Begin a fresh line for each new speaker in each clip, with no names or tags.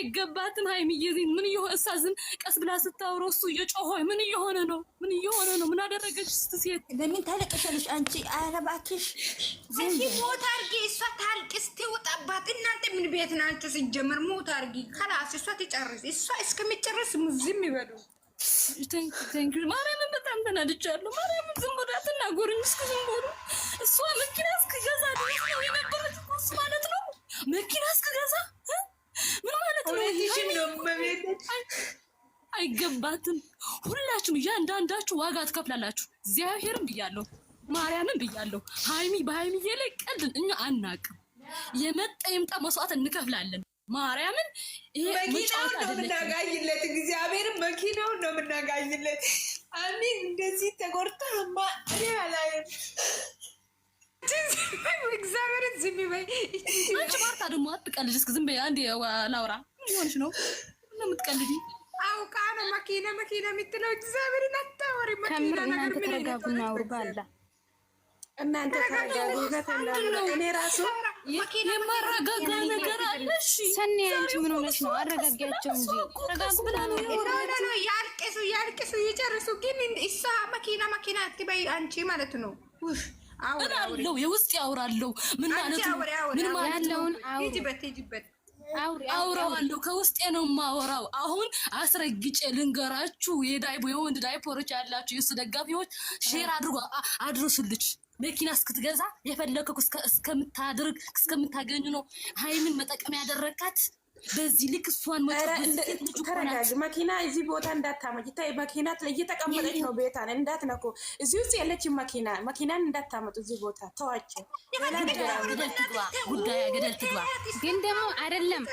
አይገባትም። ሀይሚዬ ምን እየሆነ እሷ ዝም ቀስ ብላ ስታውሮ እሱ እየጮኸ ምን እየሆነ ነው? ምን እየሆነ ነው? ምን አደረገች? ስት ሴት
ለምን ታለቅሻለሽ አንቺ? ኧረ እባክሽ አንቺ ሞት አርጊ። እሷ ታልቅስ ትውጣባት። እናንተ ምን ቤት ናችሁ? ሲጀመር ሞት አርጊ። ከላስ እሷ ትጨርስ። እሷ እስከሚጨርስ ዝም ይበሉ።
ማርያምን በጣም ተናድቻለሁ። ማርያምን ዝም ብላ ትናጎርኝ እስከ ዝም ብሎ እሷ መኪና እስክገዛ ድረስ ነው የነበረች ማለት ነው መኪና እስክገዛ ምን ማለት
ነው?
አይገባትም። ሁላችሁም እያንዳንዳችሁ ዋጋ ትከፍላላችሁ። እግዚአብሔርም ብያለሁ፣ ማርያምን ብያለሁ። ሀይሚ በሀይሚዬ ላይ ቀልድ እኛ አናቅም። የመጣ የምጣ መስዋዕት እንከፍላለን። ማርያምን
መኪናውን ነው የምናጋይለት፣ እግዚአብሔርን መኪናውን ነው የምናጋይለት። አሚን እንደዚህ ተጎርታማ እኔ አላየም እግዚአብሔርን ዝም በይ
አንቺ ማርታ ደግሞ አትቀልጅ። እስኪ ዝም በይ አንዴ ላውራ። ሆንሽ ነው የምትቀልጂ?
አውቃ ነው መኪና መኪና የምትለው። እግዚአብሔርን አታወሪ
መኪና ነገር ምን ተረጋጉና አውሩ ባላ
እናንተ እኔ ራሱ
የማረጋጋ ነገር አለ። እሺ
ሰኔ አንቺ ምን ሆነሽ ነው? አረጋጊያቸው እንጂ
ተረጋጉ ብላ
ነው። ያልቅሱ ያልቅሱ ይጨርሱ። ግን እሷ መኪና መኪና አትበይ አንቺ ማለት ነው
ውሽ አውራለሁ፣ የውስጥ ያውራለሁ። ምን ማለት ነው? ምን ማለት ነው? አውራለሁ ከውስጤ ነው የማወራው። አሁን አስረግጬ ልንገራችሁ። የዳይቦ የወንድ ዳይፖሮች ያላችሁ የሱ ደጋፊዎች ሼር አድርጎ አድርሱልች መኪና እስክትገዛ የፈለከው እስከምታደርግ እስከምታገኙ ነው ሀይምን መጠቀም ያደረካት በዚህ ልክ እሷን
ተረጋጅ። መኪና እዚህ ቦታ እንዳታመጪ ተይ። መኪና እየተቀመጠች ነው። ቤታን እንዳትነኩ። እዚህ ውስጥ ያለች መኪና መኪናን እንዳታመጡ። እዚህ ቦታ ተዋቸው።
ጉዳይ ገደል ትግባ።
ግን ደግሞ አይደለም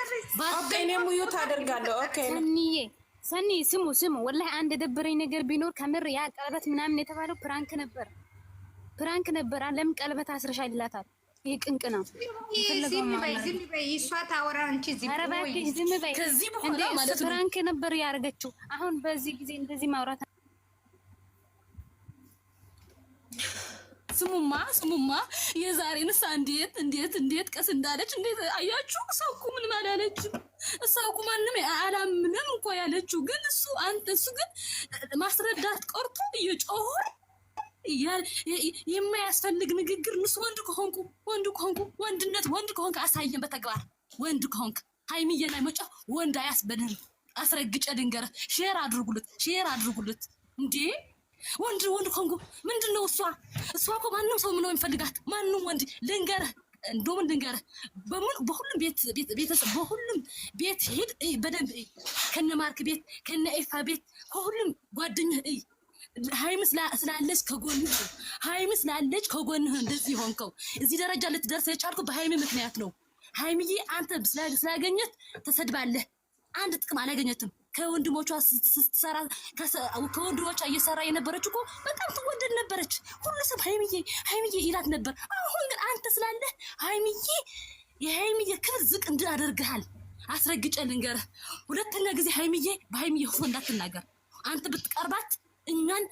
እኔ ሙዩ ታደርጋለሁ
ሰኒዬ ሰኒ ስሙ ስሙ፣ ወላሂ አንድ የደበረኝ ነገር ቢኖር ከምር ያ ቀለበት ምናምን የተባለው ፕራንክ ነበር፣ ፕራንክ ነበር። ለምን ቀለበት አስረሻ ይላታል የቅንቅ ነው። ፍራንክ ነበር ያደረገችው። አሁን በዚህ ጊዜ እንደዚህ ማውራት
ስሙማ ስሙማ የዛሬንስ እንዴት እንዴት እንዴት ቀስ እንዳለች እንዴት አያችሁ። ሰው እኮ ምንም አላለችም። እሷ እኮ ማንም አላምንም እኮ ያለችው ግን እሱ አንተ እሱ ግን ማስረዳት ቀርቶ እየጮኸ የማያስፈልግ ንግግር ንሱ ወንድ ከሆንኩ ወንድ ከሆንኩ ወንድነት ወንድ ከሆንክ አሳየን በተግባር ወንድ ከሆንክ ሀይሚዬን አይመጫ ወንድ አያስበድል አስረግጨ ድንገረ ሼር አድርጉለት ሼር አድርጉለት እንዴ ወንድ ወንድ ከሆንኩ ምንድን ነው እሷ እሷ እኮ ማንም ሰው ምነው የሚፈልጋት ማንም ወንድ ልንገረ እንደውም ልንገረ በሁሉም ቤተሰብ በሁሉም ቤት ሄድ በደንብ ከነ ማርክ ቤት ከነ ኤፋ ቤት ከሁሉም ጓደኛህ እይ ሀይም ስላለች ከጎንህ ሀይም ስላለች ከጎንህ እንደዚህ ሆንከው እዚህ ደረጃ ልትደርስ የቻልኩ በሀይም ምክንያት ነው። ሀይምዬ አንተ ስላገኘት ተሰድባለህ። አንድ ጥቅም አላገኘትም። ከወንድሞቿ ስትሰራ ከወንድሞቿ እየሰራ የነበረች እኮ በጣም ትወደድ ነበረች። ሁሉ ሰብ ሀይምዬ ሀይምዬ ይላት ነበር። አሁን ግን አንተ ስላለህ ሀይምዬ የሀይምዬ ክብር ዝቅ እንዳደርግሃል አስረግጬ ልንገርህ። ሁለተኛ ጊዜ ሀይምዬ በሀይምዬ ሆ እንዳትናገር አንተ ብትቀርባት እኛን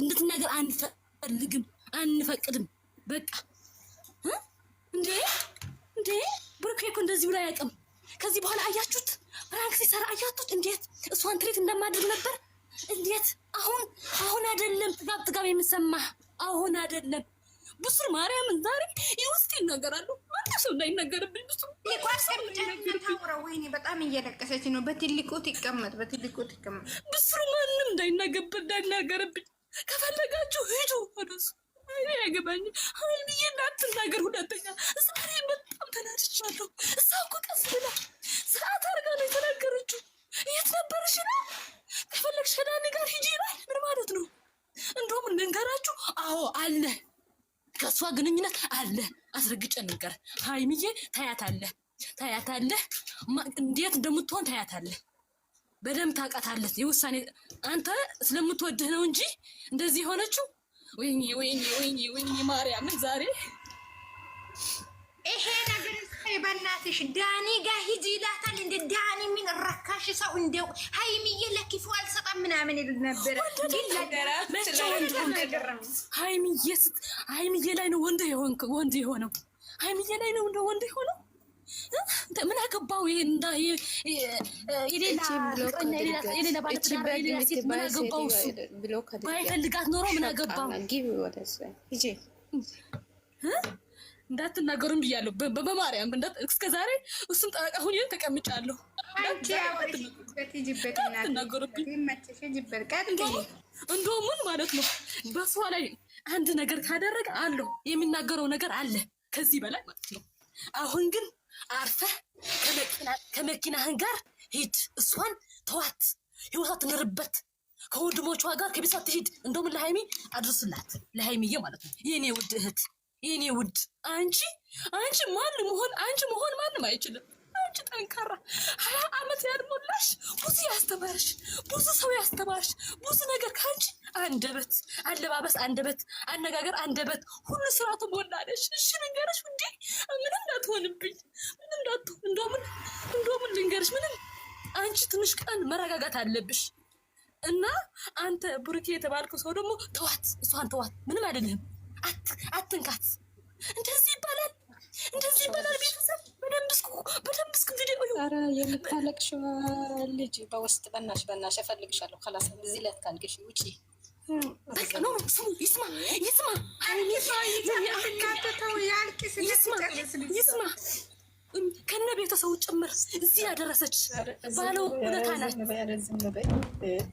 እንድትናገር አንፈልግም፣ አንፈቅድም። በቃ እንዴ እንዴ ብሩኬ እኮ እንደዚህ ብሎ አያውቅም። ከዚህ በኋላ አያችሁት፣ ፕራንክ ሲሰራ አያችሁት፣ እንዴት እሷን ትሬት እንደማድረግ ነበር። እንዴት አሁን አሁን አይደለም ጥጋብ ጥጋብ የምሰማህ አሁን አይደለም ብሱር ማርያምን ዛሬ የውስጥ ይናገራሉ። አንድ ሰው እንዳይናገርብኝ ብሱር
ታውራ ወይኔ በጣም እየለቀሰች ነው። በትልቁ ትቀመጥ፣ በትልቁ ትቀመጥ።
ብሱር ማንም እንዳይናገርብኝ ከፈለጋችሁ ሂዱ። ወደሱ ያገባኝ አሁን ብዬ እንዳትናገር ሁለተኛ። ዛሬ በጣም ተናድቻለሁ። እሳ እኮ ቀስ ብላ ሰዓት አርጋ ነው የተናገረችው። የት ነበርሽ ነው ከፈለግሽ ከዳኒ ጋር ሂጂ ይላል። ምን ማለት ነው? እንደውም እንንገራችሁ። አዎ አለ ከእሷ ግንኙነት አለ አስረግጨ ነገር ሀይሚዬ ታያታለህ፣ ታያታለህ እንዴት እንደምትሆን ታያታለህ። በደንብ ታውቃታለህ። የውሳኔ አንተ ስለምትወድህ ነው እንጂ እንደዚህ የሆነችው ወይኔ ወይኔ ወይኔ ወይኔ ማርያምን ዛሬ
ይሄ ነገር በእናትሽ ዳኒ ጋር ሂጂ ይላታል። እንደ ዳኒ ምን ረካሽ ሰው እንደው ሀይሚዬ ለኪፉ አልሰጠም ምናምን ይል ነበረ።
ሀይሚዬ ላይ ነው ወንድ ወንድ የሆነው ሀይሚዬ ላይ ነው እንደ ወንድ የሆነው ምን አገባው? ይሄ እንዳ
የሌላ
ባለትዳር ሴት ምን አገባው? ባይፈልጋት ኖሮ ምን አገባው? እንዳትናገሩም ብያለሁ በማርያም እስከ ዛሬ እሱን ጠበቃ ሁኜ ተቀምጫለሁ። እንደውም ማለት ነው በሷ ላይ አንድ ነገር ካደረገ አለሁ የሚናገረው ነገር አለ ከዚህ በላይ ማለት ነው። አሁን ግን አርፈ ከመኪናህን ጋር ሂድ፣ እሷን ተዋት፣ ህይወቷ ትንርበት ከወንድሞቿ ጋር ከቤቷ ትሂድ። እንደውም ለሃይሚ አድርስላት፣ ለሃይሚዬ ማለት ነው የእኔ ውድ እህት የኔ ውድ አንቺ አንቺ ማን መሆን አንቺ መሆን ማንም አይችልም። አንቺ ጠንካራ ሀያ አመት ያልሞላሽ ብዙ ያስተማርሽ ብዙ ሰው ያስተማርሽ ብዙ ነገር ከአንቺ አንደበት፣ አለባበስ አንደበት፣ አነጋገር አንደበት፣ ሁሉ ስርዓቱ ሞላለሽ። እሺ ልንገርሽ ውዴ፣ ምንም እንዳትሆንብኝ፣ ምንም እንዳትሆን እንደምን እንደምን ልንገርሽ፣ ምንም አንቺ ትንሽ ቀን መረጋጋት አለብሽ። እና አንተ ብሩኬ የተባልከው ሰው ደግሞ ተዋት፣ እሷን ተዋት፣ ምንም አይደለም አትንካት። እንደዚህ ይባላል፣ እንደዚህ ይባላል። ቤተሰብ በደንብ እስኩ በደንብ እስኩ
ቪዲዮ ኧረ የምታለቅሽው ልጅ በውስጥ በናሽ በናሽ እፈልግሻለሁ። ከላስ እዚህ ላይ አታልቅሽ፣ ውጪ
በቃ ነው። ስሙ ይስማ ይስማ ይስማ ከነ ቤተሰቡ ጭምር እዚህ ያደረሰች ባለው እውነት ናት።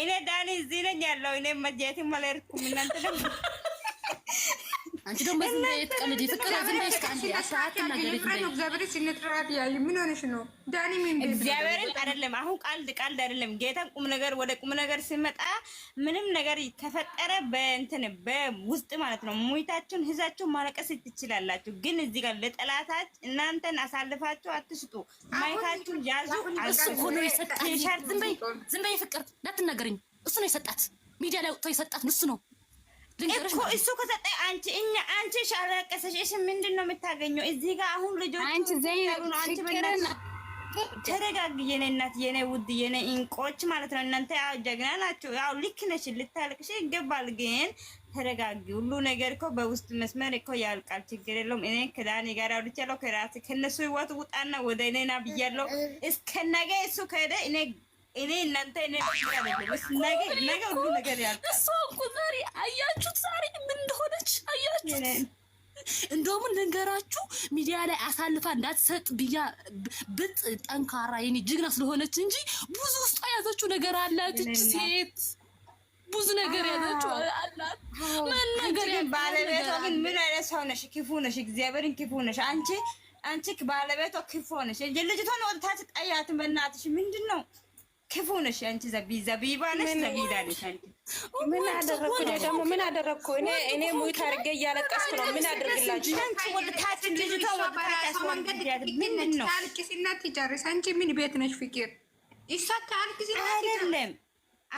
እኔ ዳኒ እዚህ ነኝ ያለው። እኔ መጀትም አልሄድኩም እናንተ ደግሞ
አንቺ ደግሞ ዝም ብለሽ ትቀልጂ። ፍቅር ዝም ብለሽ ትቀልጂ።
እግዚአብሔርን አይደለም አሁን ቀልድ ቀልድ አይደለም። ጌታ ቁም ነገር ወደ ቁም ነገር ሲመጣ ምንም ነገር ተፈጠረ በእንትን በውስጥ ማለት ነው። ሙይታችሁን ህዛችሁ ማለቀስ ትችላላችሁ፣ ግን እዚህ ጋር ለጠላታች እናንተን አሳልፋችሁ አትስጡ። ማይታችሁን ያዙ። እሱ ሆኖ የሰጣት
ዝም በይ ፍቅር ላትናገረኝ። እሱ ነው የሰጣት ሚዲያ ላይ ወጥቶ የሰጣት እሱ ነው
እኮ እሱ ከሰጠ አንቺ እኛ አንቺ ሻለቀሰሽ እሺ፣ ምንድን ነው የምታገኘው እዚህ ጋር? አሁን ልጆቹ
አንቺ
ተረጋግ፣ የኔ እናት፣ የኔ ውድ፣ የኔ እንቆች ማለት ነው። እናንተ ያው ጀግና ናችሁ። ያው ልክ ነሽ፣ ልታልቅሽ ይገባል፣ ግን ተረጋጊ። ሁሉ ነገር እኮ በውስጥ መስመር እኮ ያልቃል፣ ችግር የለውም። እኔ ከዳኒ ጋር አውርቻለሁ። ከራስ ከነሱ ህይወት ውጣና ወደ እኔና ብያለሁ። እስከ ነገ እሱ ከሄደ እኔ እኔ እናንተ እኔ ነገ ሁሉ
ነገር ያ እሷ እኮ ዛሬ አያችሁት፣ ዛሬ ምን እንደሆነች አያችሁት። እንደውም ልንገራችሁ ሚዲያ ላይ አሳልፋ እንዳትሰጥ ብያ ብጥ ጠንካራ የኔ ጀግና ስለሆነች እንጂ ብዙ ውስጧ ያዘችው ነገር አላት። እች ሴት ብዙ ነገር ያዘችው አላት። መናገር
ባለቤቷ ግን ምን አይነት ሰው ነሽ? ክፉ ነሽ፣ እግዚአብሔርን ክፉ ነሽ አንቺ አንቺ ባለቤቷ ክፉ ነሽ። ልጅቷን ወጥታች ጠያትን። በእናትሽ ምንድን ነው ክፉ ነሽ አንቺ። ዘቢ ዘቢባ ነሽ ዘቢዳ አንቺ። ምን አደረኩ ደግሞ? ምን አደረኩ እኔ? እኔ ሙት አድርጌ እያለቀስኩ ነው። ምን አድርግላችሁ? ታልቅስና ትጨርስ። አንቺ ምን ቤት ነሽ? ፍቅር እሷ ታልቅስ
አይደለም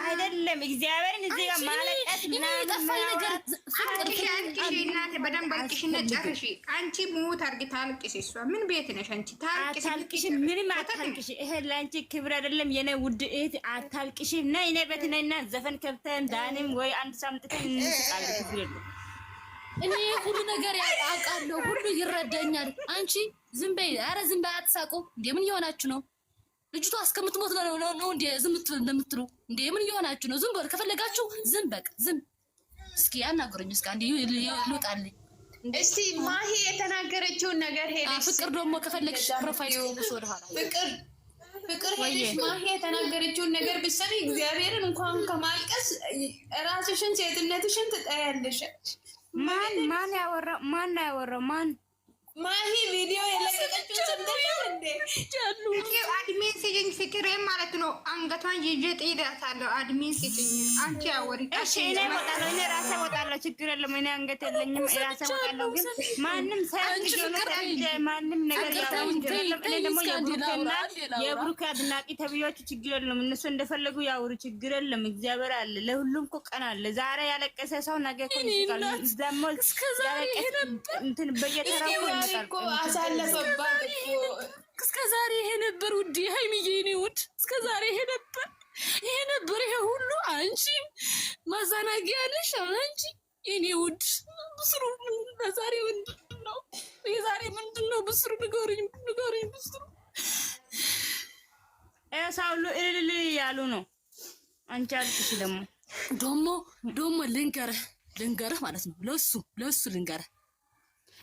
አይደለም እግዚአብሔርን እዚህ ጋር ማለቀት
ማለቀስ
ምናምን እናት በደንብ አልቅሽና ጨርሽ አንቺ ሙት አርጊ ታልቅሽ። እሷ ምን ቤት ነሽ አንቺ?
ታልቅሽ ምንም አታልቅሽ። ይሄ ለአንቺ ክብር አይደለም የኔ ውድ እህት። አታልቅሽ። ና ነይ ቤት ነይ እና ዘፈን ከብተን ዳንም ወይ አንድ ሳምጥተን እንስቃለን።
እኔ ሁሉ ነገር አውቃለሁ። ሁሉ ይረዳኛል። አንቺ ዝም በይ። ኧረ ዝም በይ አትሳቁ። እንደምን እየሆናችሁ ነው? ልጅቷ እስከምትሞት ነው ነው ነው እንዴ? ዝም እንደምትሉ እንዴ? ምን እየሆናችሁ ነው? ዝም በል ከፈለጋችሁ ዝም በቃ ዝም። እስኪ ያናገሩኝ እስኪ አንዴ ልውጣልኝ።
እስቲ ማሂ የተናገረችውን ነገር ሄደሽ
ፍቅር ደግሞ ከፈለግሽ ፕሮፋይል
ወደ ኋላ ፍቅር ፍቅር ሄደሽ ማሂ የተናገረችውን ነገር ብትሰሚ እግዚአብሔርን እንኳን ከማልቀስ ራስሽን ሴትነትሽን ትጠያለሽ።
ማን ማን ያወራው ማን ያወራው ማን
ማሂ ቪዲዮ
የለቀቀችው ስንደለም እንዴ ቻሉ
አድሚን ሲጭኝ ፍቅሬ ማለት ነው። አንገቷን ይዤ ጥይዳታለሁ። አድሚን ሲጭኝ አንቺ አወሪ።
እኔ ራሴ እወጣለሁ። ችግር የለም። እኔ አንገት የለኝም፣ ራሴ እወጣለሁ። ግን ማንም ሳያንጅ ማንም ነገር እኔ ደግሞ የብሩክና የብሩክ አድናቂ ተብያችሁ ችግር የለም። እነሱ እንደፈለጉ ያውሩ፣ ችግር የለም። እግዚአብሔር አለ። ለሁሉም እኮ ቀን አለ። ዛሬ ያለቀሰ ሰው ነገ ደግሞ
ያለቀሰ እንትን በየተራው እስከ ዛሬ ይሄ ነበር ውድ ሀይሚዬ፣ የኔ ውድ እስከ ዛሬ ይሄ ነበር ይሄ ነበር ይሄ ሁሉ አንቺ ማዘናጊያ አንቺ የኔ ውድ። ብስሩ ዛሬ ምንድን ነው? የዛሬ ምንድን ነው? ብስሩ ንገሩኝ፣ ንገሩኝ ብስሩ።
እልል ነው። አንቺ ደግሞ
ደግሞ ደግሞ ልንገርህ ልንገርህ ማለት ነው ለሱ ለሱ ልንገርህ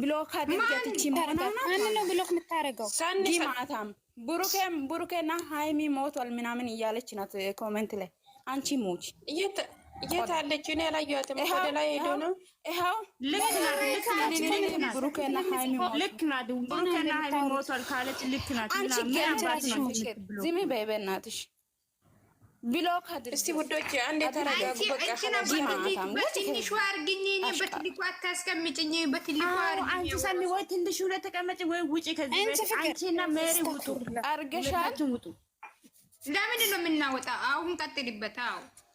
ብሎክ
አድርገት እቺ
ነው ብሎክ የምታረገው? ዲማታም ብሩኬም ብሩኬና ሃይሚ ሞቷል ምናምን እያለች ናት ኮመንት ላይ። አንቺ ሞች
የት እኔ አላየኋትም። ወደ ላይ ሄዶ ነው። ይኸው
ልክ ናት፣
ልክ ናት። ብሩኬና ሃይሚ
ልክ ናት።
ብሩኬና ሃይሚ ሞቷል ካለች ልክ ናት።
አንቺ ገንጭራሽ ዝም በይ በእናትሽ ብሎክ አድርጊ
እስቲ ውዶች፣ አንዴ ተረጋጉ። በቃ አንቺ
ወይ ተቀመጭ ወይ ውጪ አንቺና ሜሪ ውጡ።
ለምንድን ነው የምናወጣ? አሁን ቀጥልበት። አዎ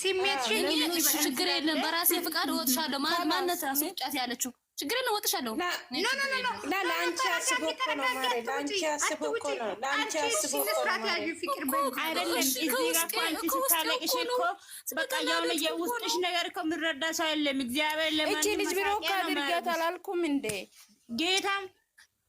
ስሜትሽን እሱ ችግር የለም። በራሴ ፍቃድ እወጥሻለሁ። ማነት ራሱ ጫት ያለችው ችግር የለም እወጥሻለሁ።
ለአንቺ አስቦ እኮ ነው ማለት አስቦ እኮ ነው። ላንቺ አስቦ እኮ ነው አይደለም። እዚህ ጋር አንቺ ስታለቅሽ እኮ በቃ የሆነ የውስጥሽ ነገር እኮ የምንረዳ ሰው የለም። እግዚአብሔር
ልጅ ብሎ እኮ አድርጊያት አላልኩም እንዴ ጌታም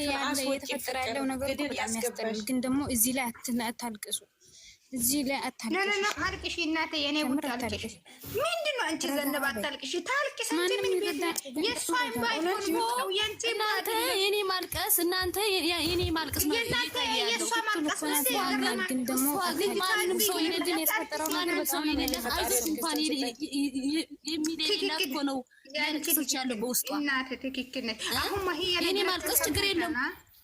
ይሄ ያለ
እየተፈጠረ ያለው
ነገር ግን ደግሞ እዚህ ላይ አታልቅሱ። እዚህ ላይ
አታልቅሽ። አልቅሽ እናቴ፣ የኔ ጉድ አልቅሽ። ምንድን ነው አንቺ ዘነብ አታልቅሽ። ታልቅሽ ምን የኔ ማልቀስ እናንተ የኔ ማልቀስ ነው። የእሷ ማልቀስ ማንም ሰው ሰው ነው
ችግር የለም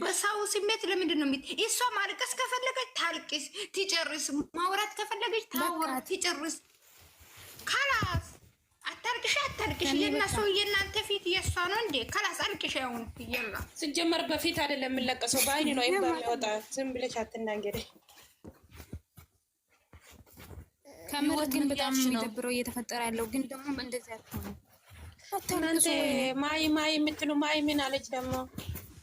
በሰው ስሜት ለምንድን ነው የሚት እሷ ማልቀስ ከፈለገች ታልቅስ፣ ትጨርስ። ማውራት ከፈለገች ታወር ትጨርስ። ከላስ አታልቅሽ፣ አታልቅሽ። የእናሱ የእናንተ ፊት የእሷ ነው እንዴ? ካላስ አልቅሽ። አሁን ይላ ስጀመር በፊት አይደለም የምለቀሰው በአይን ነው የሚወጣ። ዝም ብለሽ አትናገሪ። ከምር ግን በጣም የሚደብረው እየተፈጠረ ያለው ግን ደግሞ እንደዚህ አትሆነ። ማይ ማይ የምትሉ ማይ ምን አለች ደግሞ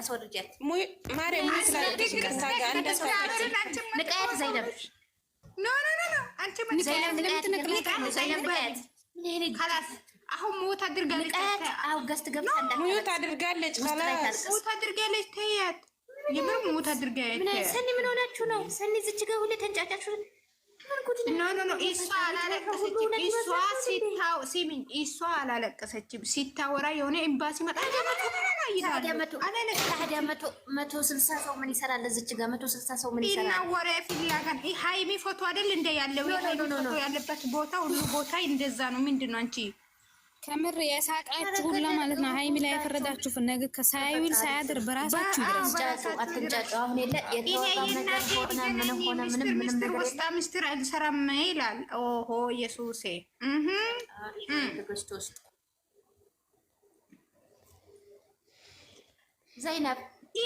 አስወርጃት ማርያም ስላለሽቀሳ ዘይነብ አሁን ሞት አድርጋለች። አውገስት ገብታ ሞት አድርጋለች። ሞት አድርጋለች። ተያት የምር ሞት አድርጋለች። ሰኒ ምን ሆናችሁ ነው? ሰኒ ዝች ጋ ሁሌ ተንጫጫችሁ። እሷ አላለቀሰችም። ሲታወራ የሆነ ኤምባሲ መጣ ስልሳ ሰው ምን ይሰራል? እዚች ጋር መቶ ስልሳ ሰው ምን ይሰራል? ወሬ ፍያ ፎቶ አይደል እንደ ያለው ያለበት ቦታ ሁሉ ቦታ እንደዛ ነው። ምንድን ነው አንቺ ከምር የሳቃችሁ ሁላ ማለት ነው። ሀይሚ ላይ ያፈረዳችሁ ነገ ሳይውል ሳያድር በራሳችሁ ውስጣ ምስጢር አልሰራም ይላል። ኦሆ ኢየሱሴ ዘይናብ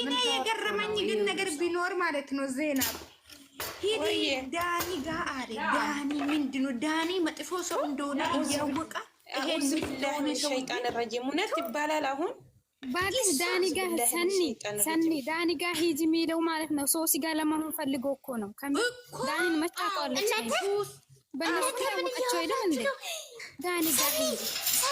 እኔ የገረመኝ ግን ነገር ቢኖር ማለት ነው ዜናብ ሂዲ ዳኒ ጋር አለ። ዳኒ ምንድን ነው ዳኒ መጥፎ ሰው እንደሆነ እያወቃ ሸይጣን ረጂም እውነት ይባላል። አሁን ባልሽ ዳኒ ጋር ሰኒ ሰኒ ዳኒ ጋር ሂጂ የሚለው ማለት ነው። ሶሲ ጋር ለመሆን ፈልጎ እኮ ነው። ዳኒን መች ታውቀዋለች። በእነሱ አይደል እንዴ? ዳኒ ጋር ሂጂ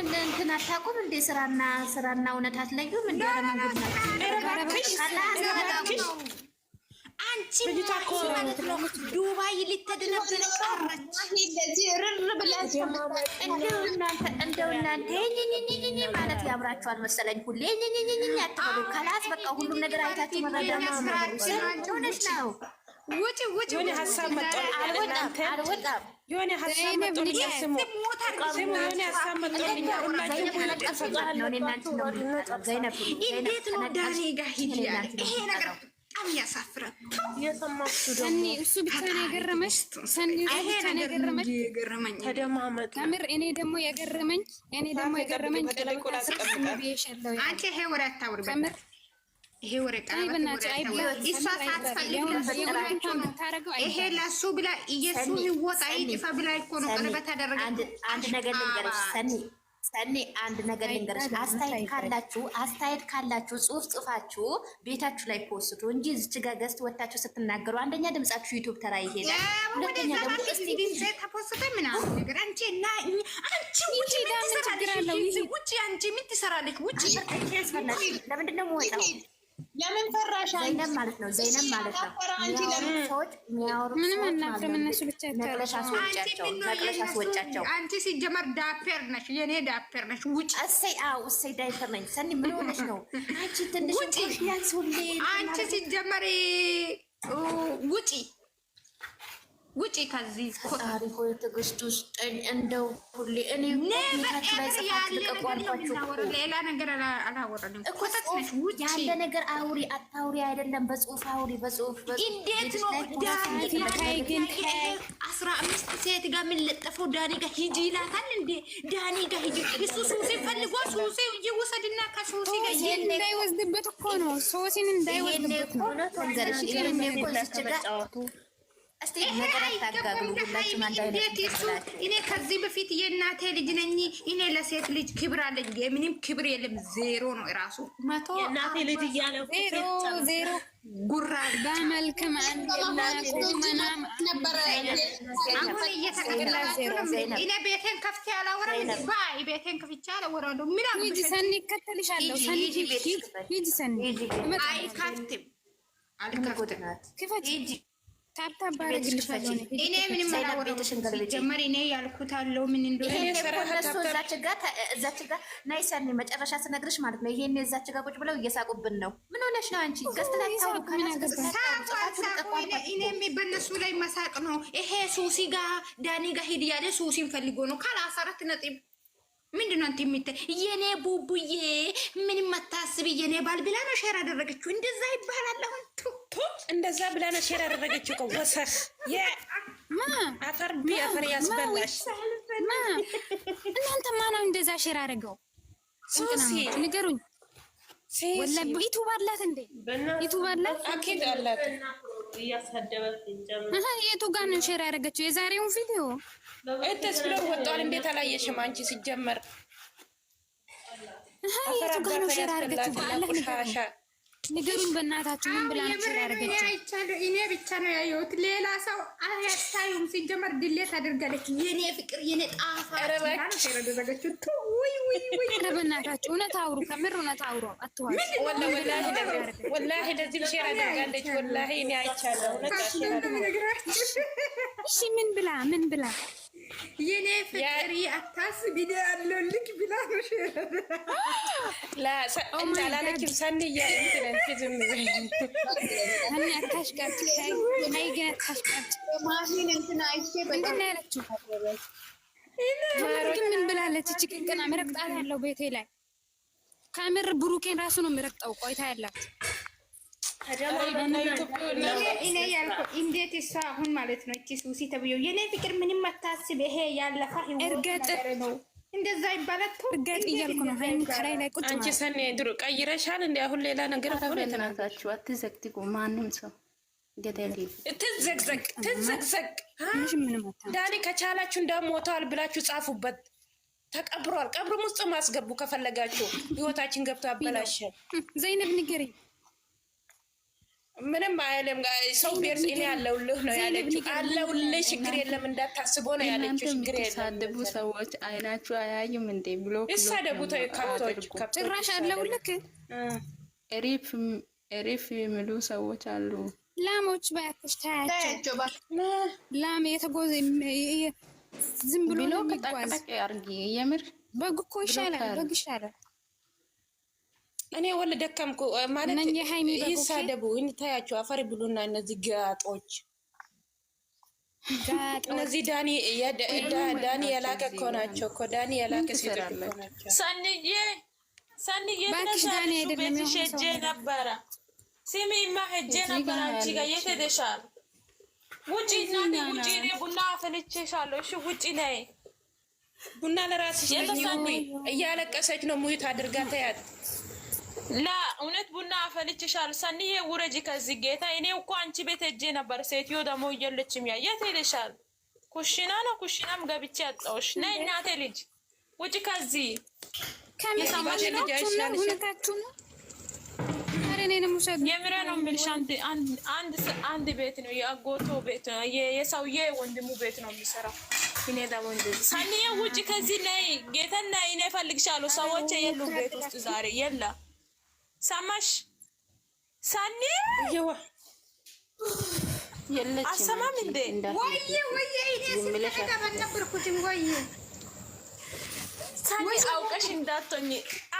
እንትን አታውቁም እንዴ? ስራና ስራና እውነት አትለዩም እንዴ? አንቺ ማለት ነው ዱባይ ልትደነብር ቀረች። እንደው እናንተ ማለት ያምራችኋል መሰለኝ። ሁሌ አትበሉ። ከላስ በቃ ሁሉም ነገር አይታችሁ ነው። ውጭ ውጭ አልወጣም አልወጣም የሆነ ሀሳብ መጥቶልኛል። ስሙ ስሙ የሆነ ሀሳብ መጥቶልኛል። ሁላችሁም እንዴት ነው ዳኔ ጋር ሂድ ያለ ይሄ ነገር በጣም ያሳፍራል። የሰማችሁ ደግሞ እሱ ብቻ ነው የገረመሽ? ተደማመጥ። እኔ ደግሞ የገረመኝ እኔ ደግሞ የገረመኝ ቀለቆላ ስቀምጣል። አንቺ ይሄ ወሬ አታውሪ በምር ይሄ ወረቀት እሷ ይሄ ለሱ ብላ እየሱ ይወጣ ይጥፋ ብላ እኮ ነው ቀረበት ያደረገች። አንድ ነገር ልንገርሽ ሰኒ ሰኒ አንድ ነገር ልንገርሽ፣ አስተያየት ካላችሁ አስተያየት ካላችሁ ጽሁፍ ጽፋችሁ ቤታችሁ ላይ ፖስቱ እንጂ እዚች ጋር ገዝት ወታችሁ ስትናገሩ፣ አንደኛ ድምጻችሁ ዩቱብ ተራ ይሄዳል፣ ሁለተኛ ደግሞ አንቺ ውጭ ለምንድነው የምወጣው? ለምን ፈራሽ? ዘይነብ ማለት ነው። ዘይነብ ማለት ነው። ሰዎች የሚያወሩት ምንም አናፍርም። እነሱ ብቻ ነቅለሽ አስወጫቸው፣ ነቅለሽ አስወጫቸው። አንቺ ሲጀመር ዳፔር ነሽ፣ የኔ ዳፔር ነሽ። ውጭ። እሰይ፣ አዎ፣ እሰይ፣ ዳፔር ነኝ። ሰኒ ምን ሆነሽ ነው አንቺ? ትንሽ ውጭ። አንቺ ሲጀመር ውጪ ውጪ ከዚህ ታሪኮ ትግስት ውስጥ እንደው ሁሌ እኔ ሌላ ነገር አላወራንም። ያለ ነገር አውሪ አታውሪ አይደለም፣ በጽሁፍ አውሪ። በጽሁፍ እንዴት ነው ዳኒ ግን አስራ አምስት ሴት ጋር የምንለጠፈው? ዳኒ ጋር ሂጂ ይላታል እንዴ? ዳኒ ጋር ሂጂ። እሱ ሱሲ ፈልጎ ሱሲ ይውሰድና ከሱሲ ጋር እንዳይወስድበት እኮ ነው ሶሲን እንዳይወስድበት ነው እኮ እስቲ እኔ ከዚህ በፊት የእናቴ ልጅ ነኝ። እኔ ለሴት ልጅ ክብር አለኝ። የምንም ክብር የለም። ዜሮ ነው ራሱ መቶ ዜሮ ጉራ በመልክ እኔ ቤቴን ከፍቼ አላወራም። ባይ ቤቴን ከፍቼ አላወራም። ሰኒ ይከተልሻለሁ። ሰኒ አይ ከፍትም አልከፍትም እኔ ምንም አላወራሁም። እኔ ያልኩት አለው ምን እንደሆነ እዛች ናይ መጨረሻ ስነግርሽ ማለት ነው። ይሄን እዛች ጋ ቁጭ ብለው እየሳቁብን ነው። ምን ሆነሽ ነው አንቺ? በነሱ ላይ መሳቅ ነው። ይሄ ሱሲ ጋ ዳኒ ጋ ሂድ እያለ ሱሲን ፈልጎ ነው ካለ አስራ አራት ነጥብ ምንድን ነው አንተ የምታይ? የኔ ቡቡዬ ምንም አታስቢ የኔ ባል ብላ ነው ሼር አደረገችው። እንደዛ ይባላል አሁን ቱ እንደዛ ብላ ነው ሼር አደረገችው። ቆወሰስ አፈር ቢአፈር ያስበላሽ እናንተ ማነው እንደዛ ሼር አደረገው? ንገሩኝ። ወላ ዩቱብ አላት እንዴ? ዩቱብ አላት አኬድ አላት የቱ ጋር ነው ሼር ያደረገችው? የዛሬውን ቪዲዮ እትስ ብሎ ወጣል። እንዴት አላየሽም አንቺ? ሲጀመር የቱ ጋር ነው ሼር ያደረገችው? ንገሩን በእናታችሁ፣ ምን ብላ ነው ሼር ያደረገችው? እኔ ብቻ ነው ያየሁት፣ ሌላ ሰው አያሳዩም። ሲጀመር ድሌት አድርጋለች። የኔ ፍቅር የኔ ጣፋ ያደረገችው በእናታችሁ እውነት አውሩ፣ ከምር እውነት አውሩ። ወላሂ ለዚህ እሺ ምን ብላ ምን ብላ የኔ ፍቅሪ አታስቢ አለልክ ብላ ነው ሼር oh እንዳላለችም ሰንዬ ዝም አታሽቃጭ። ናይ ግን አታሽቃጭ ምንድን ነው ያለችው? ግን ምን ብላለች? እች ቅንቅና ምረቅጣት ያለው ቤቴ ላይ ከምር ብሩኬን ራሱ ነው ምረቅጠው። ቆይታ ያላት እኔ ያልኩት እንዴት እሷ አሁን ማለት ነው እቺ ሱሲ ተብዬው የኔ ፍቅር ምንም አታስብ፣ ይሄ ያለፈ እርገጥ እንደዛ ይባላል። እርገጥ እያልኩ ነው። ሀይሚ ከላይ ላይ ቁጭ አንቺ ሰኔ ድሮ ቀይረሻል እንዲ አሁን ሌላ ነገር ሆነ የተናታችሁ አትዘግትጉ ማንም ሰው ትዘግዘግ ትዘግዘግ። ዳኒ ከቻላችሁ እንዳውም ሞተዋል ብላችሁ ጻፉበት። ተቀብሯል። ቀብሩም ውስጥ ማስገቡ ከፈለጋችሁ ህይወታችን ገብቶ አበላሸ። ዘይነብ ንገሪ ምንም አያለም። ሰው ቤርስ እኔ አለውልህ ነው ያለችው። አለውልህ ችግር የለም እንዳታስቦ ነው ያለችው። ችግር የለም ሰዎች አይናችሁ አያይም እንዴ ብሎ ይሳደቡ። ተይው ከብቶች ጭራሽ አለውልክ ሪፍ የሚሉ ሰዎች አሉ። ላሞች ባያቸው ታያቸው ላም የተጎዘ ዝም ብሎ ነው የሚጓዝ። የምር በግ እኮ ይሻላል፣ በግ ይሻላል። እኔ ወለ ደከምኩ ማለት ይሳደቡ አፈር ብሉና እነዚህ ጋጦች እነዚህ ዳኒ ዳኒ የላቀ እኮ ናቸው እኮ ዳኒ የላቀ ሴቶች ናቸው። ሰንዬ ሰንዬ ቤትሽ ሄጄ ነበረ ስሚማ ሂጅ ነበር አንቺ ጋር የት ሄደሻል? ውጪ እናቴ ውጪ፣ እኔ ቡና አፍልቼሻለሁ። እሺ ውጪ ነይ። ቡና ለራስሽ እያለቀሰች ነው። ሙይት አድርጋ ተያት። ላ እውነት ቡና አፈልችሻል። ሰኒዬ ውረጅ ከዚህ ጌታ። እኔ እኮ አንቺ ቤት ሄጄ ነበር። ሴትዮ ደግሞ እየለችም ያ የት ሄደሻል? ኩሽና ነው። ኩሽናም ገብቼ ያጣሁሽ። ነይ እናቴ ልጅ ውጪ ከዚህ ከሚሰማሽ ነው ሁለታችሁ እኔንም ውሰድ። የምሬ ነው የምልሽ። አንድ አንድ ቤት ነው የአጎቶ ቤት ነው የሰውዬ ወንድሙ ቤት ነው የሚሰራው። እኔ ደግሞ እንደዚህ ሳንዬ ውጭ ከዚህ ነይ ጌተና እኔ እፈልግሻለሁ። ሰዎች የሉ ቤት ውስጥ ዛሬ የላ ሰማሽ? ሳኒ አሰማም እንዴ? ወይ ወይ እኔ ስልጠቀም አልነበርኩትም። ወይዬ ሳኒ አውቀሽ እንዳትሆኝ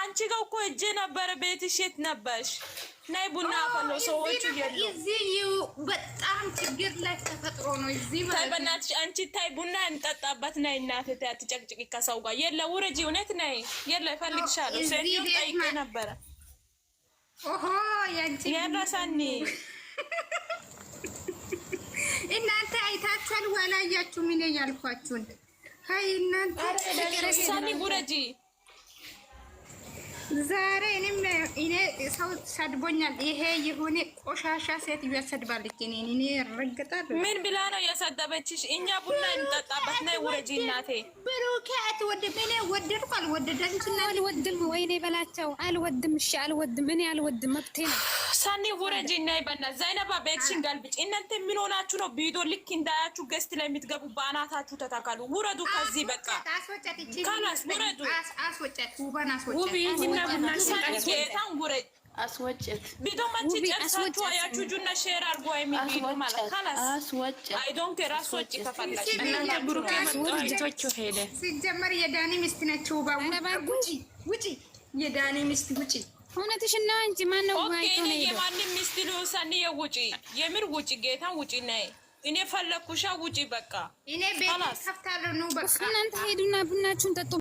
አንቺ ጋር እኮ ሂጅ ነበረ። ቤትሽ የት ነበርሽ? ናይ ቡና ፈሎ ሰዎቹ የሉ እዚህ በጣም ችግር ላይ ተፈጥሮ ነው። እዚ ማለት በእናትሽ አንቺ ታይ ቡና እንጠጣባት ናይ እናት አትጨቅጭቂ ከሰው ጋር የለ ውረጂ። እውነት ናይ የለ እፈልግሻለሁ። ሴትዮ ጠይቄ ነበረ። ኦሆ ያንቺ ያራሳኒ እናንተ አይታችኋል ዋላያችሁ ምን ያልኳችሁን ሀይ እናንተ ሳኒ ውረጂ ዛሬ እኔም እኔ ሰው ሰድቦኛል። ይሄ የሆነ ቆሻሻ ሴትዮ ያሰድባለች። እኔ እኔ ረግጣል። ምን ብላ ነው የሰደበችሽ? እኛ ቡና እንጠጣበት ነው። ውረጂ እናቴ። ብሩኬ አትወድም። እኔ ወደድኩ አልወደደች እና አልወድም። ወይኔ በላቸው። አልወድም። እሺ አልወድም። እኔ አልወድም። መብቴ ነው። ሳኒ ውረጂ እና ይበና ዘይነባ ቤትሽን ገልብጭ። እናንተ ምን ሆናችሁ ነው? ቪዲዮ ልክ እንዳያችሁ ገስት ላይ የምትገቡ በአናታችሁ ተታካሉ። ውረዱ ከዚህ በቃ ካላስ ውረዱ። ውብዬ አስወጭት ሲጀመር የዳኒ ሚስት ውጪ የዳኒ ሚስት ውጪ። እንጂ ማነው የማንም ሚስት ልውሰን የምር ውጪ፣ ጌታን ውጪ ነይ እኔ ፈለኩሻ ውጪ። በቃ እኔ ቤት ከፍታለሁ ነው በቃ እናንተ ሄዱና ቡናችሁን ጠጡ።